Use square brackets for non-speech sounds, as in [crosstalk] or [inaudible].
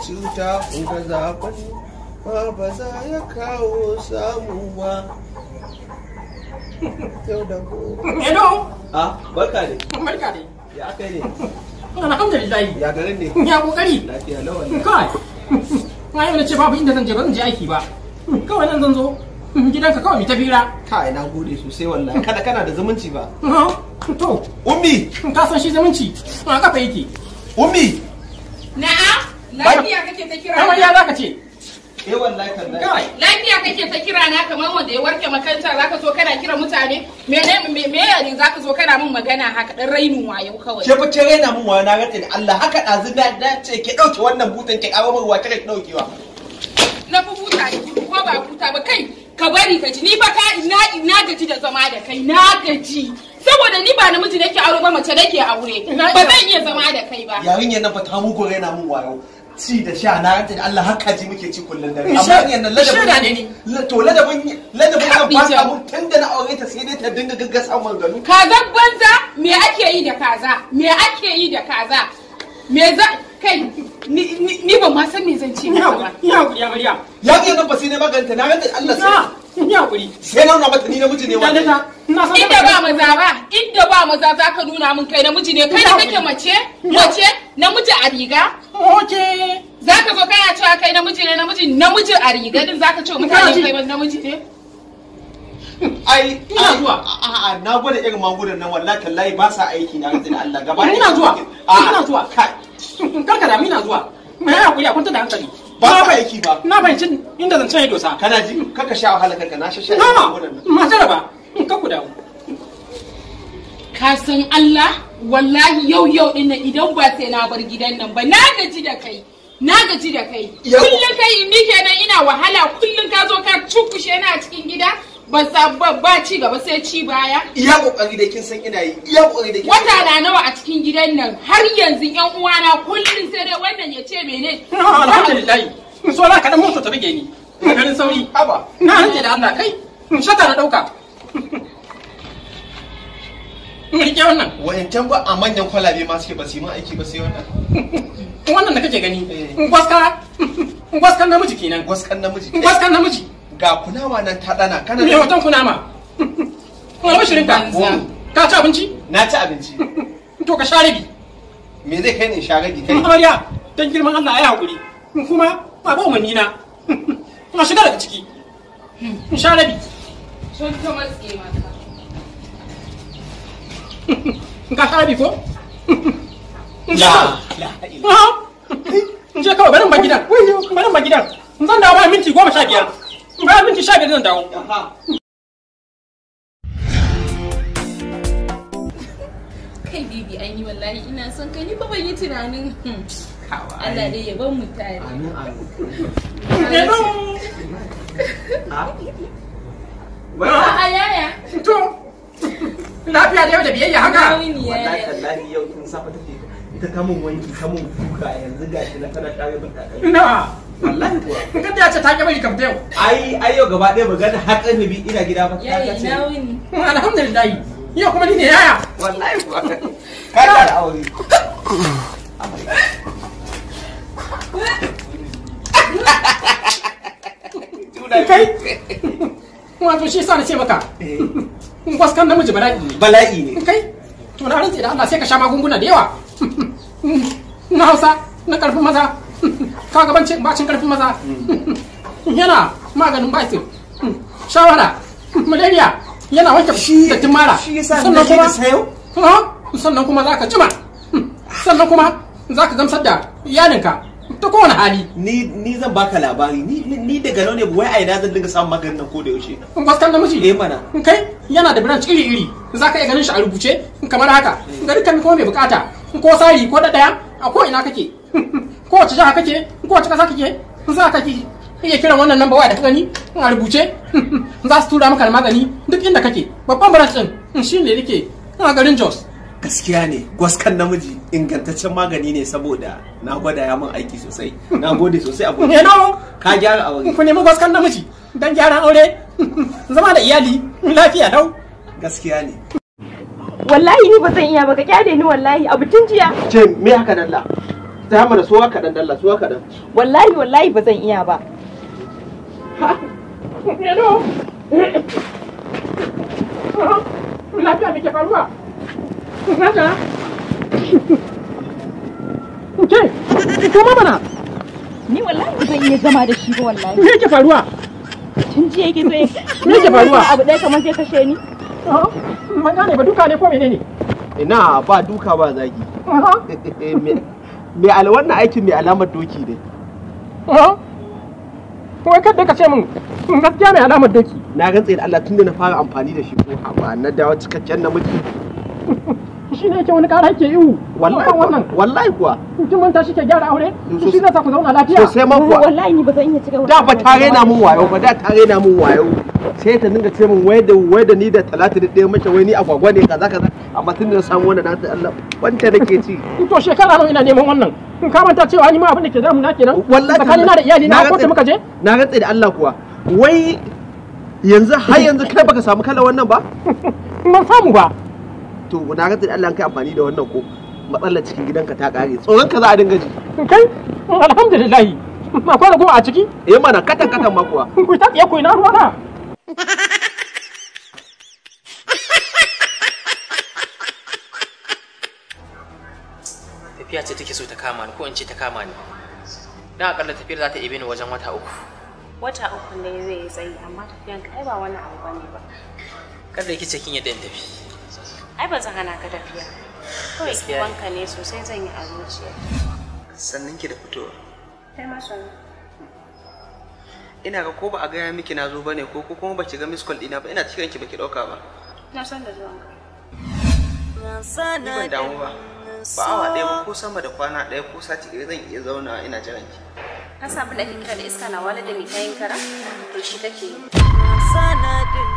cuta kuma zaben ma ba za ya kawo samu ba yau da gobe hello ah barka ne barka ne ya kai ne alhamdulillah ya garin ne ya kokari lafiya lawan kai na yau na ce babu inda zan je ba zan je aiki ba kawai nan zan zo gidanka kawai ta fira kai na gode sosai wallahi kada kana da zumunci ba to ummi ka san shi zumunci a kafa yake ummi na'am Lafiya kake ta kira. Kamar ya zaka eh, ce. Lafiya kake ta kira na kamar wanda ya warke makaranta ka zo kana kira mutane me ne me ya ne zaka zo kana min magana haka dan rainin wayo kawai. Ke fice raina min wayo na rantsa da Allah haka dazu da ce ke dauke wannan butan ke kawo min wata ke daukewa. Na fi buta ne ko ba buta ba kai ka bari ka ji ni fa ka na gaji da zama da kai na gaji. saboda ni ba namiji nake aure ba mace nake aure ba zan iya zama da kai ba yarinyar nan fa ta mugu raina min wayo ci da sha na rantsa da Allah har ji muke ci kullun dare amma ni yannan ladabin ne to ladabin ladabin nan ba samu tunda na aure ta sai dai ta dinga gaggasa maganu kazan banza me ake yi da kaza me ake yi da kaza me za kai ni ba ma san me zan ci ba ya ya Maryam ya ga nan ba sai ne maganta na rantsa Allah sai ya hakuri sai na nuna ta ni namiji ne wannan inda ba maza ba inda ba maza za ka nuna min kai namiji ne kai da kake mace mace namiji a riga Oke. Za ka zo kana cewa kai namiji ne namiji namiji a riga din za ka ce mutane kai ban namiji ne? Ai, ina zuwa. A'a, na gwada irin magudan nan wallahi tallahi ba sa aiki na da Allah gaba. Ina zuwa. Ina zuwa. Kai. Karka da ina zuwa. Me ya kuya kun da hankali. Ba sa aiki ba. Na fahimci inda zancen ya dosa. Kana ji? Kaka sha wahala kanka na shashe. Na ma. Ma jaraba. Ka ku dawo. kasan Allah wallahi yau yau ina idan ba sai na bar gidan nan ba na gaji da kai na gaji da kai kullum kai ni kenan ina wahala kullum ka zo ka cukushe na a cikin gida ba ba ci gaba sai ci baya iya kokari da kin san ina yi iya kokari da kin wata na nawa a cikin gidan nan har yanzu yan uwana kullum sai dai wannan ya ce mene [laughs] alhamdulillah in so na kaɗan mota ta rige ni garin sauri aba na rage da Allah kai in shata na ɗauka [laughs] Mai kyau wannan. Wa'ancan ba a manyan kwalabe ma suke ba su yi ma aiki ba sai wannan. [laughs] Wannan da kake gani. Eh. Gwaska. Gwaskan [laughs] namiji kenan. Gwaskan namiji. Gwaskan namiji. Ga kunama nan ta dana kana. Me hoton kunama? Kuma [laughs] mashirin ka. Ka ci abinci? Na ci abinci. To ka share bi. Me zai kai ne share bi kai? Amarya, dan girman Allah ai hakuri. Kuma ba ba umarni na. Kuma shiga daga ciki. In share bi. Sun ta matse mata. [laughs] ka ƙari ko? [laughs] la la [laughs] je kawai barin ba gidan barin ba gidan zan dawo bayan minti goma sha biyar bayan minti sha biyar zan dawo kai bibi ai ni wallahi ina son kai ni ba ban yi tunanin hmm, Allah dai ya ban mu tare amin amin a ah. yaya to lafiya da yau da biyayya haka wallahi tallahi yau tun safa take ita kamun wanki kamun kuka yanzu gashi na tana kare bin baka ina wallahi kuwa ka ta ce ta kebe kamta yau ai ai yau gaba ɗaya magana har ƙarni bi ina gida ba ta kace alhamdulillah yau kuma ni ne yaya wallahi kuwa [laughs] ka da aure kai [laughs] wato shi sa na ce maka eh. kan namiji bala'i ne. Bala'i ne. Kai? To na rantsi da Allah sai ka sha magunguna da yawa. [laughs] Na Hausa, na karfin maza. [laughs] Ka ga gaban bacin karfin maza. [laughs] Yana maganin bacin. Shawara, malaria, yana wanke dattin mara. Shi yasa sannan kuma Sannan kuma za ka jima. Sannan kuma za ka gamsar da iyalinka. ta kowane hali ni ni zan baka labari ni ni daga nan ne wai a ina zan dinga samun maganin nan ko da yaushe in gwaskan namiji eh mana in kai yana da branch iri iri za ka iya ganin shi a rubuce kamar haka ga dukkan kuma mai bukata ko sari ko daya a ko ina kake [laughs] ko wace jaha kake ko wace kasa kake za ka ki iya kiran wannan namba waya da ka gani a rubuce [laughs] za su tura maka da magani duk inda kake babban branch din ne nake a garin Jos gaskiya ne gwaskan namiji ingantaccen magani ne saboda na gwada ya mun aiki sosai na gode sosai a gode ka gyara a wuri ku nemi gwaskan namiji dan gyara aure [laughs] zama da iyali lafiya dau gaskiya ne wallahi ni ba zan iya ba ka kyale ni wallahi abu tun jiya ce me haka dalla ta hama da suwa kadan dalla suwa kadan wallahi wallahi ba zan iya ba [laughs] lafiya ne ke faruwa Raja? Ke, koma mana. Ni wallahi zan iya zama da shi ba wallahi. Me yake faruwa? Tun jiya yake Me yake faruwa? Abu ɗaya kamar zai kashe ni. Manga ne ba duka ne ko menene? Ina ba duka ba zagi. [laughs] Me al aikin mai alamar doki ne. Wai kada ka ce min gaskiya mai alamar doki. Na gantse da Allah tun da na fara amfani da shi ko na dawo cikakken namiji. [laughs] shi ne yake wani kara yake yi wannan kuwa mutum ke tare wayo ba da tare wayo sai ta dinga ce wai da wai mace wai agwagwa ne kaza kaza amma tun da samu wannan ta Allah wanda nake ci to shekara ina neman wannan ma abin da ke damu na kenan wallahi tsakanin na da iyali na ko muka je na rantsa da Allah kuwa wai yanzu har yanzu kai baka samu kala wannan ba mun [laughs] samu ba to na ga da Allah kai amfani da wannan ko matsalar cikin gidanka ta kare tsoron ka za a dinga ji kai alhamdulillah ma kwana kuma a ciki eh mana katan katan ma kuwa ku ta tsiye ku ina ruwa na tafiya ce take so ta kama ni ko in ce ta kama ni dan akalla tafiyar za ta ibe ni wajen wata uku wata uku ne zai yi tsayi amma tafiyan kai ba wani abu bane ba kada yake ce yadda in tafi ai ba zan hana ka tafiya kawai kiwanka ne sosai zan yi a zuciya sannan ki da fitowa kai ma ina ga ko ba a gaya miki na zo bane ko ko kuma ki ga miss call dina ba ina cikin ki baki dauka ba na san da zuwan ka na sana ban damu ba ba awa ɗaya ba ko sama da kwana ɗaya ko sati ɗaya zan iya zauna ina jiran ki ka sabu da kika da iska na wala da mitayin kara to shi take sana